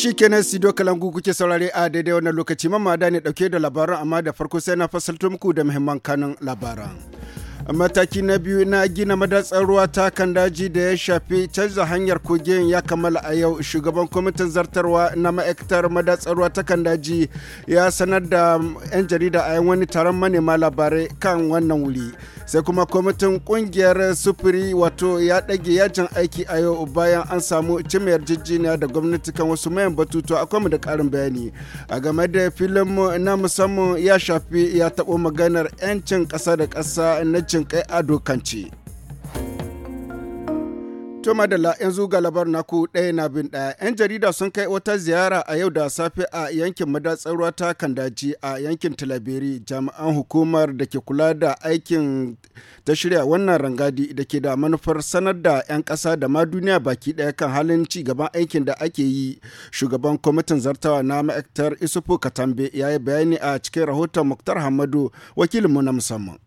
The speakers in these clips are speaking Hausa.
Shi kenan Sido Kalangu kuke saurare a daidai wannan lokaci mamada ne dauke da labaran amma da farko sai na fasalto muku da muhimman kanun labaran. mataki na biyu na gina madatsar ruwa ta kan daji da ya shafi canza hanyar kogin ya kammala a yau shugaban kwamitin zartarwa na ma'aikatar madatsar ruwa ta kan daji ya sanar da 'yan jarida a yan wani taron manema labarai kan wannan wuri sai kuma kwamitin kungiyar sufuri wato ya ɗage yajin aiki a yau bayan an samu cimma yarjejeniya da gwamnati kan wasu mayan batutu akwai mu da ƙarin bayani a game da filin na musamman ya shafi ya taɓo maganar 'yancin ƙasa da ƙasa na cin jin kai a dokance. To madalla yanzu ga labar naku ɗaya na bin ɗaya. 'Yan jarida sun kai wata ziyara a yau da safe a yankin madatsar ruwa ta Kandaji a yankin Talabiri jami'an hukumar da ke kula da aikin ta shirya wannan rangadi da ke da manufar sanar da 'yan ƙasa da ma duniya baki ɗaya kan halin ci gaban aikin da ake yi. Shugaban kwamitin zartawa na ma'aikatar Isufu Katambe ya yi bayani a cikin rahoton Muktar Hamadu wakilinmu na musamman.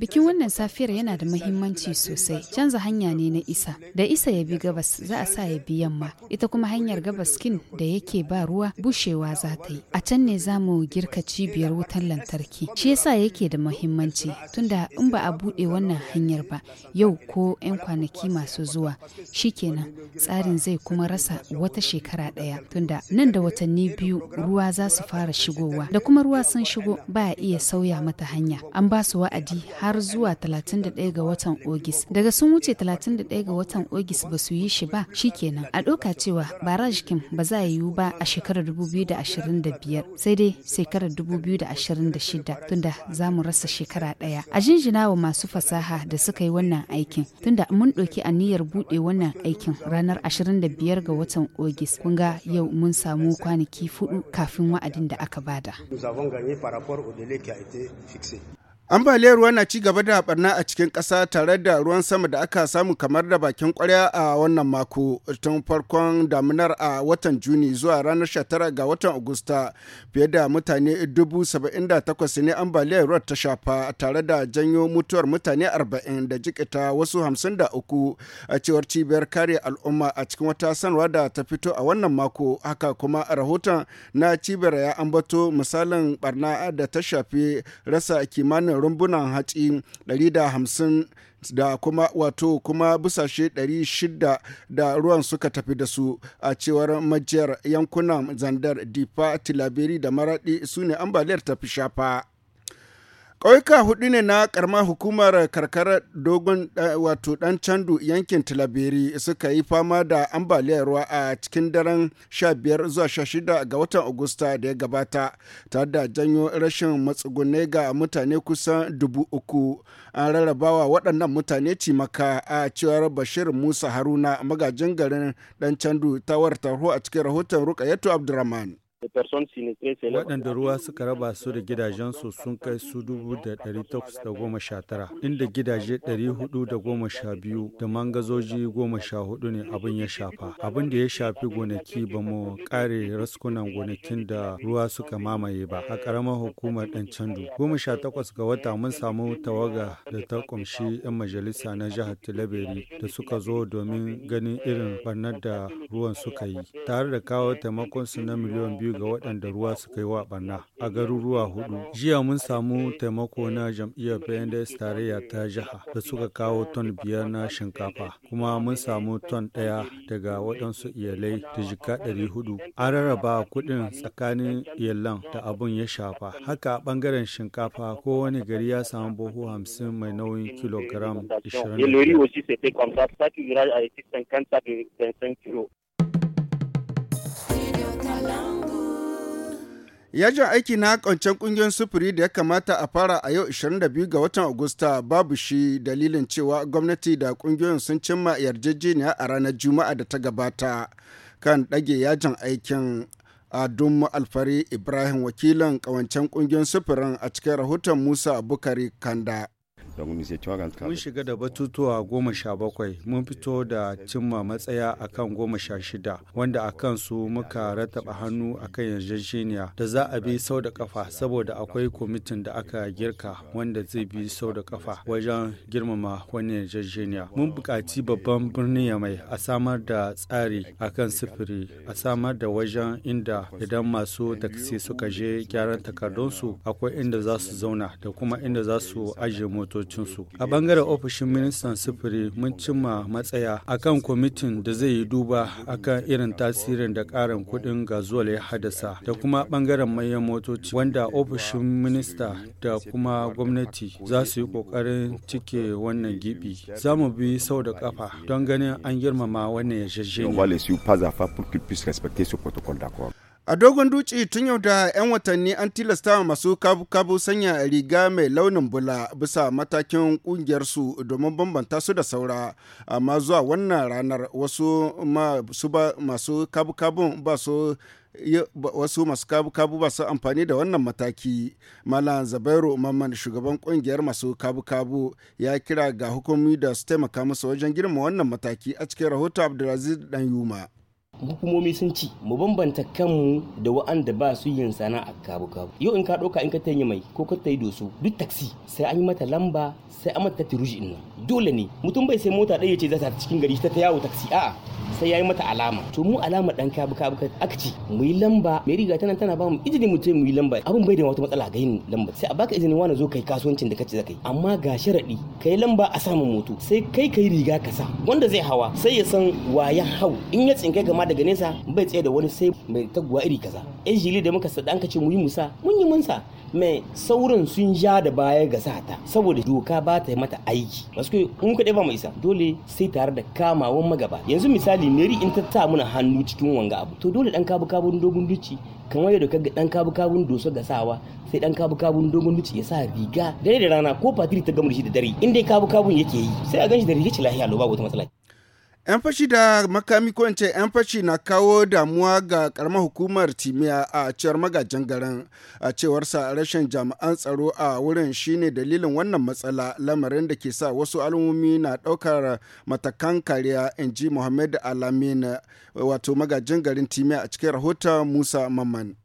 Bikin wannan safiyar yana da mahimmanci sosai. Canza hanya ne na isa. Da isa ya bi gabas za a sa ya bi yamma. Ita kuma hanyar gabas kin da yake ba ruwa bushewa za ta yi. A can ne za mu girka cibiyar wutar lantarki. Shi yasa yake da mahimmanci tunda in ba a buɗe wannan hanyar ba yau ko 'yan kwanaki masu zuwa Shi shikenan tsarin zai kuma rasa wata shekara ɗaya tunda nan da watanni biyu ruwa za su fara shigowa da kuma ruwa sun shigo ba a iya sauya mata hanya. hanya an ba su wa'adi har zuwa 31 ga watan ogis daga sun wuce 31 ga watan ogis ba su yi shi ba shi kenan a doka cewa baraj kim ba za a yiwu ba a shekarar 2025 sai dai shekarar 2026 tunda za mu rasa shekara ɗaya a jinjina wa masu fasaha da suka yi wannan aikin tunda mun ɗauki niyyar buɗe wannan aikin ranar 25 ga watan ogis kun yau mun samu kwanaki fudu kafin wa'adin da aka bada. Nous avons gagné par rapport au délai qui a été fixé. Sì. ambaliyar ruwa na ci gaba da barna a cikin ƙasa tare da ruwan sama da aka samu kamar da bakin kwarya a wannan mako tun farkon damunar a watan juni zuwa ranar 19 ga watan agusta fiye da mutane 78 ne ambaliyar ruwa ta shafa tare da janyo mutuwar mutane 40 da jikita wasu 53 a cewar cibiyar kare al'umma a cikin wata sanarwa da ta fito a wannan mako haka kuma rahoton na cibiyar ya ambato misalin barna da ta shafi rasa kimanin rumbunan hatsi 150 da kuma wato kuma busashe 600 da ruwan suka tafi da su a cewar majiyar yankunan zandar difa tilaberi da maradi su ne ambaliyar tafi shafa. ƙauyuka hudu ne na karamar hukumar karkarar dogon eh, wato ɗan candu yankin tilaberi suka yi fama da ambaliyar ruwa a cikin daren 15 zuwa 16 ga watan agusta da ya gabata tare da janyo rashin matsugunai ga mutane kusan dubu uku an rarrabawa waɗannan mutane cimaka a cewar bashir musa haruna magajin garin ɗan candu ta wartar a cikin rahoton rukayatu abdurrahman waɗanda ruwa suka raba su da gidajensu sun kai su dubu da ɗari takwas da goma sha tara inda gidaje ɗari hudu da goma sha biyu da mangazoji goma sha hudu ne abin ya shafa abin da ya shafi gonaki ba mu ƙare raskunan gonakin da ruwa suka mamaye ba a ƙaramar hukumar ɗan candu goma sha takwas ga wata mun samu tawaga da ta ƙumshi 'yan majalisa na jihar tilaberi da suka zo domin ganin irin barnar da ruwan suka yi tare da kawo taimakon su na miliyan biyu biyu ga waɗanda ruwa suka yi wa barna a garuruwa hudu. Jiya mun samu taimako na jam'iyyar PNDS tarayya ta jiha da suka kawo ton biyar na shinkafa kuma mun samu ton ɗaya daga waɗansu iyalai da jika ɗari hudu. An rarraba kuɗin tsakanin iyalan da abun ya shafa. Haka a ɓangaren shinkafa kowane gari ya samu buhu hamsin mai nauyin kilogram ishirin Yajin aiki na kwancen ƙungiyar sufuri da ya kamata a fara a yau 22 ga watan Agusta babu shi dalilin cewa gwamnati da kungiyoyin sun cimma yarjejeniya a ranar Juma'a da ta gabata kan ɗage yajin aikin Adum Alfari Ibrahim wakilin kawancen kungiyar sufurin a cikin rahoton Musa Bukari Kanda. Mun shiga da batutuwa goma sha bakwai mun fito da cimma matsaya akan goma sha shida wanda a kansu muka rataba hannu akan yarjejeniya da za a bi sau da kafa saboda akwai kwamitin da aka girka wanda zai bi sau da kafa wajen girmama wani yarjejeniya. Mun buƙaci babban birnin ya mai a samar da tsari a kan sifiri a samar da wajen inda idan masu taksi suka je gyaran takardunsu akwai inda za su zauna da kuma inda za su ajiye motoci. ministocinsu. A bangaren ofishin ministan sufuri mun cimma matsaya akan kwamitin da zai yi duba akan irin tasirin da karin kuɗin gazuwal ya haddasa da kuma bangaren manyan motoci wanda ofishin minista da kuma gwamnati za su yi ƙoƙarin cike wannan gibi. Za mu bi sau da kafa don ganin an girmama wannan yarjejeniya. A dogon duci tun yau da 'yan watanni an tilasta masu kabu-kabu sanya riga mai launin bula bisa matakin kungiyarsu domin bambanta su da saura, amma zuwa wannan ranar wasu masu kabu-kabun ba su wasu masu kabu-kabu ba su amfani da wannan mataki malam zabairu mamman shugaban kungiyar masu kabu-kabu ya kira ga hukumi da su taimaka musu wajen girma wannan mataki a cikin rahoton abdulaziz dan yuma hukumomi sun ci mu bambanta kanmu da wa'anda ba su yin sana'a kabu kabu yau in ka ɗauka in ka tanye mai ko ka tayi doso duk taksi sai an yi mata lamba sai an mata tiruji ɗin nan dole ne mutum bai sai mota ɗaya ce za ta cikin gari ta ta yawo taksi a'a sai ya yi mata alama to mu alama dan kabu kabu ka aka ce mu yi lamba mai riga tana tana ba mu izini mu ce mu yi lamba abin bai da wata matsala ga yin lamba sai a baka izinin wani zo kai kasuwancin da kace zakai amma ga sharadi kai lamba a samun moto sai kai kai riga ka sa wanda zai hawa sai ya san wayan hau in ya tsinke gama daga nesa bai tsaye da wani sai mai taguwa iri kaza yan jili da muka sadan ka ce mu yi musa mun yi munsa mai saurin sun ja da baya ga sata saboda doka ba ta mata aiki masu in ka ba mai isa dole sai tare da kamawan magaba yanzu misali meri in ta ta muna hannu cikin wanga abu to dole dan kabu kabun dogon duci kamar yadda ga dan kabu kabun doso ga sawa sai dan kabu kabun dogon duci ya sa riga dare da rana ko fatiri ta gamu da shi da dare in dai kabu kabun yake yi sai a ganshi da rigici ci lahiya lo babu wata matsala 'yan fashi da makami ko ce 'yan fashi na kawo damuwa ga karamar hukumar timiya a cewar magajin garin a cewar sa rashin jami'an tsaro a wurin shine dalilin wannan matsala lamarin da ke sa wasu al'ummomi na daukar matakan kariya in ji muhammad alamin wato magajin garin timiya a cikin rahoton musa mamman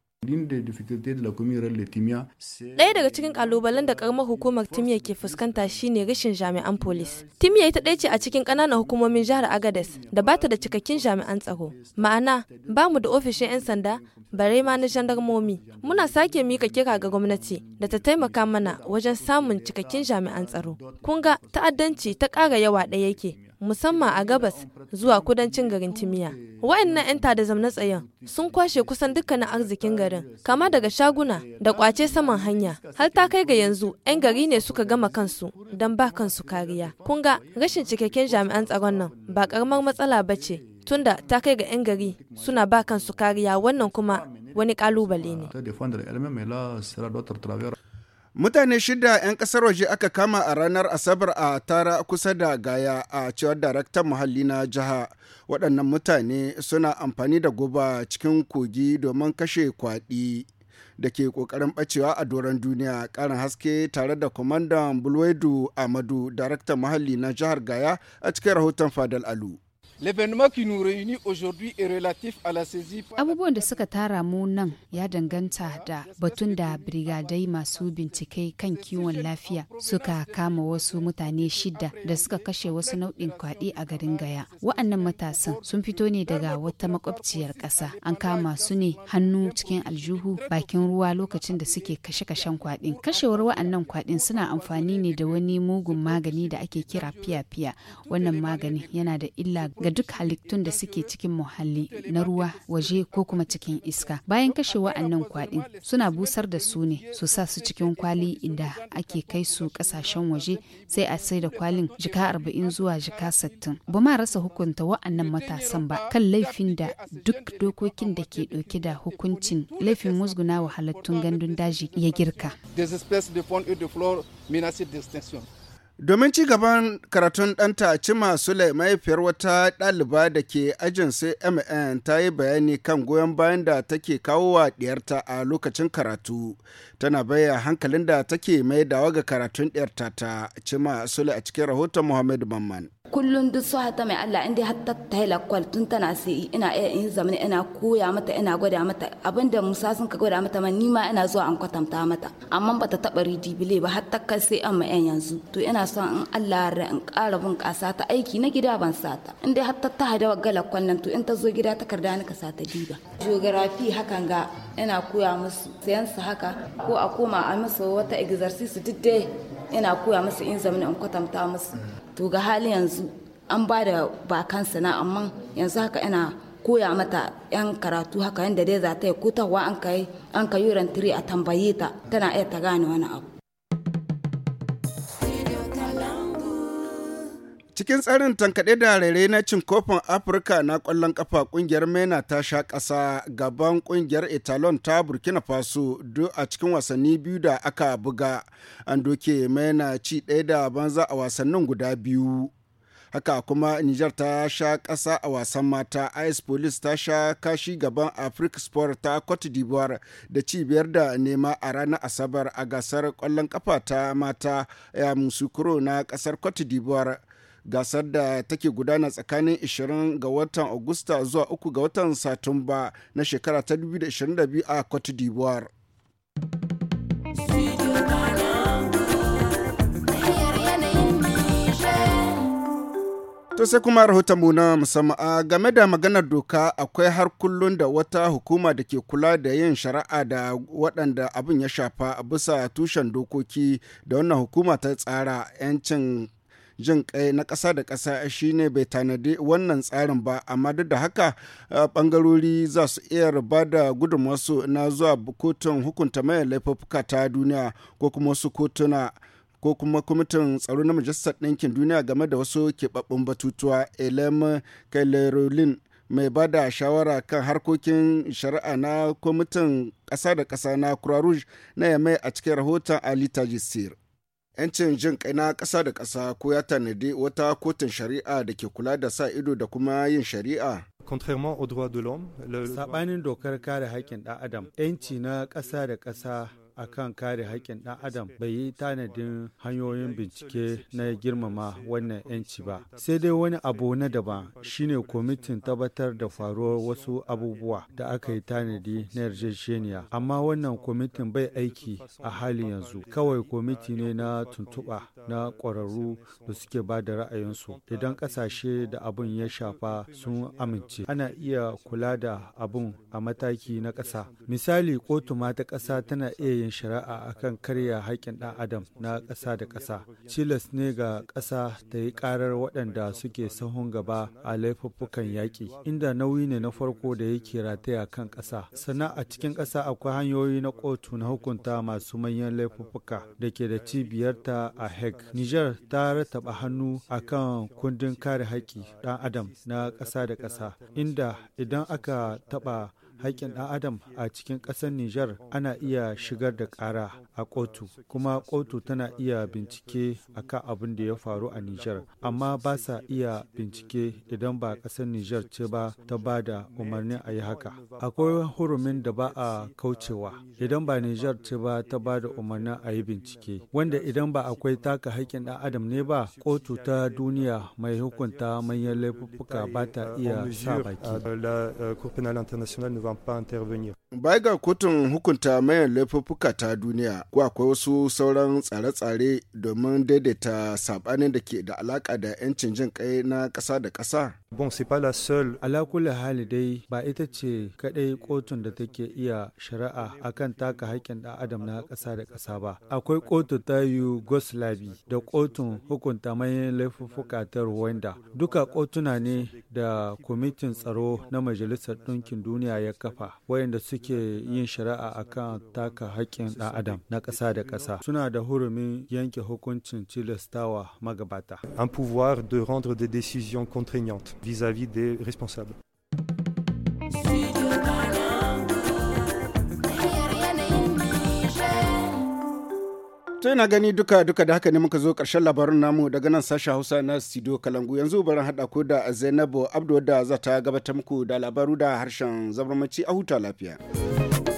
Ɗaya daga cikin kalubalen da karamar hukumar Timiya ke fuskanta shine rashin jami'an polis. Timiya ita ɗaya ce a cikin ƙananan hukumomin jihar Agades da ba ta da cikakkin jami'an tsaro. Ma'ana, ba mu da ofishin 'yan sanda bare ma na gendarmomi. Muna sake mika kira ga gwamnati da ta taimaka mana wajen samun cikakkin jami'an tsaro. Kun ga ta'addanci ta ƙara yawa ɗaya yake. musamman a gabas zuwa kudancin garin Timiya. Wa'annan 'yan da zamna tsayen sun kwashe kusan dukkanin arzikin garin, kama daga shaguna da kwace saman hanya, har ta kai ga yanzu 'yan gari ne suka gama kansu don ba kansu kariya. kunga rashin cikakken jami'an tsaron nan ba karamar matsala ba ce, tunda ta kai ga 'yan gari suna ba kansu kariya wannan kuma wani kalubale ne. Mutane shida 'yan kasar waje aka kama a ranar Asabar a tara kusa da gaya a cewar daraktan muhalli na jiha. Waɗannan mutane suna amfani da guba cikin kogi domin kashe kwaɗi da ke ƙoƙarin ɓacewa a doron duniya ƙarin haske tare da kwamandan Bulwaidu Amadu daraktan muhalli na jihar Gaya a cikin rahoton Fadal Alu. Abubuwan da suka tara mu nan ya danganta da batun da brigadai masu bincike kan kiwon lafiya suka kama wasu mutane shida da suka kashe wasu nau'in kwaɗi a garin Gaya. Wa'annan matasan sun fito ne daga wata makwabciyar ƙasa. An kama su ne hannu cikin aljihu bakin ruwa lokacin da suke kashe-kashen kwaɗin. Kashewar wa'annan kwaɗin suna amfani ne da wani mugun magani da ake kira fiya-fiya. Wannan magani yana da illa ga duk halittun da suke cikin muhalli na ruwa waje ko kuma cikin iska bayan kashe wa'annan kwaɗin suna busar da su ne su sa su cikin kwali inda ake kai su ƙasashen waje sai a sai da kwalin jika arba'in zuwa jika sittin ba ma rasa hukunta wa'annan matasan ba kan laifin da duk dokokin da ke ɗauke da hukuncin laifin musguna wa halittun gandun daji ya girka. Domin ci gaban karatun ɗanta Cima Sule mahaifiyar wata ɗaliba da ke ajin CMN ta yi bayani kan goyon bayan da take kawo wa ɗiyarta a lokacin karatu. Tana baya hankalin da take mai dawa ga karatun ɗiyarta ta Cima Sule a cikin rahoton Muhammadu Mamman. kullum duk su hata mai Allah inda hatta ta lakwal tun tana sai ina iya in zamani ina koya mata ina gwada mata abinda Musa sun ka gwada mata ma ni ma ina zuwa an kwatanta mata amma bata taba ridibile ba hatta kai sai an ma'en yanzu to ina son in Allah ya in ƙara bin ƙasa ta aiki na gida ban sata inda hatta ta hada wagga kwal nan to in ta zo gida takarda ni ka sata diba geography hakan ga ina koya musu sayan haka ko a koma a musu wata exercise duk dai ina koya musu in zamani in kwatanta musu to ga hali yanzu an ba da bakan sana amma yanzu haka yana koya mata yan karatu haka yadda dai za ta yi kutawa an ka yi an a tambaye ta tana iya ta gane wani abu Cikin tsarin tankaɗe da raire na cin kofin Afirka na kwallon kafa ƙungiyar MENA ta sha ƙasa gaban ƙungiyar Italon ta Burkina Faso duk a cikin wasanni biyu da aka buga. An doke MENA ci ɗaya da banza a wasannin guda biyu. Haka kuma niger ta sha ƙasa a wasan mata, Ice Police ta sha kashi gaban afric Sport ta Cote d'Ivoire da cibiyar da nema a ranar Asabar a gasar kwallon ƙafa ta mata ya musukuro na ƙasar Cote d'Ivoire. gasar da take gudana tsakanin 20 ga watan Agusta zuwa 3 ga watan Satumba na shekara ta 2022 a Cote d'Ivoire. To sai kuma rahoton muna na musamman a game da maganar doka akwai har kullum da wata hukuma da ke kula da yin shari'a da waɗanda abin ya shafa bisa tushen dokoki da wannan hukuma ta tsara 'yancin jin kai na ƙasa da ƙasa shine bai tanadi wannan tsarin ba amma duk da haka bangarori eh, za su iya ba da gudunmasu na zuwa kotun hukunta mai laifuka ta duniya ko kuma wasu kotuna ko kuma kwamitin tsaro na majalisar ɗinkin duniya game da wasu keɓaɓɓun batutuwa elem kailerolin mai ba da shawara kan harkokin shari'a na kwamitin ƙasa da ƙasa na croix rouge na yamai a cikin rahoton ali tajisir 'yancin jin kai na ƙasa da ƙasa ko ya tanadi wata kotun shari'a da ke kula da sa ido da kuma yin shari'a contrairement aux Sabanin dokar kare haƙƙin ɗan adam, ‘yanci na ƙasa da ƙasa akan kare haƙƙin ɗan adam bai yi tanadin hanyoyin bincike na girmama wannan 'yanci ba sai dai wani abu na daban shine kwamitin tabbatar da faruwar wasu abubuwa da aka yi tanadi na yarjejeniya amma wannan kwamitin bai aiki a halin yanzu kawai kwamiti ne na tuntuɓa na ƙwararru da suke ba da ra'ayinsu idan ƙasashe da abin ya shafa sun amince ana iya kula da abin a mataki na ƙasa misali kotu ma ta ƙasa tana iya yin shari'a akan karya haƙƙin ɗan adam na ƙasa da ƙasa cilas ne ga ƙasa ta yi ƙarar waɗanda suke sahun gaba a laifuffukan yaƙi inda nauyi ne na farko da yake rataya kan ƙasa sannan a cikin ƙasa akwai hanyoyi na kotu na hukunta masu manyan laifuffuka da ke da cibiyarta a hague niger ta rataba hannu akan kundin kare haƙƙi ɗan adam na ƙasa da ƙasa inda idan aka taɓa haƙƙin ɗan adam a cikin ƙasar Nijar ana iya shigar da ƙara a kotu kuma kotu tana iya bincike akan abin da ya faru a Nijar amma ba sa iya bincike idan ba ƙasar Nijar ce ba ta ba da umarnin a yi haka. Akwai hurumin da ba a kaucewa idan ba Nijar ce ba ta ba da umarnin a yi bincike wanda idan ba akwai taka haƙƙin ɗan adam ne ba kotu ta duniya mai hukunta manyan laifuffuka ba ta iya sa baki. pas intervenir. Bai ga kotun hukunta mayan laifuffuka ta duniya ko akwai wasu sauran tsare-tsare domin daidaita sabanin da ke da alaka da 'yancin jin kai na ƙasa da ƙasa? Bon, c'est pas la seule. Alakula hali dai ba ita ce kadai kotun da take iya shari'a akan taka haƙƙin da adam na ƙasa da kasa ba. Akwai kotu ta Yugoslavi da kotun hukunta mayan laifuffuka ta Rwanda. Duka kotuna ne da kwamitin tsaro na Majalisar Ɗinkin Duniya ya kafa, wayanda su Un pouvoir de rendre des décisions contraignantes vis à -vis des responsables. To yana gani duka duka da haka ne muka zo karshen labarun namu daga nan sashen Hausa na Studio Kalangu yanzu barin haɗa ko da Zainabu Abdu da za ta gabatar muku da labaru da harshen zabarmaci a huta lafiya.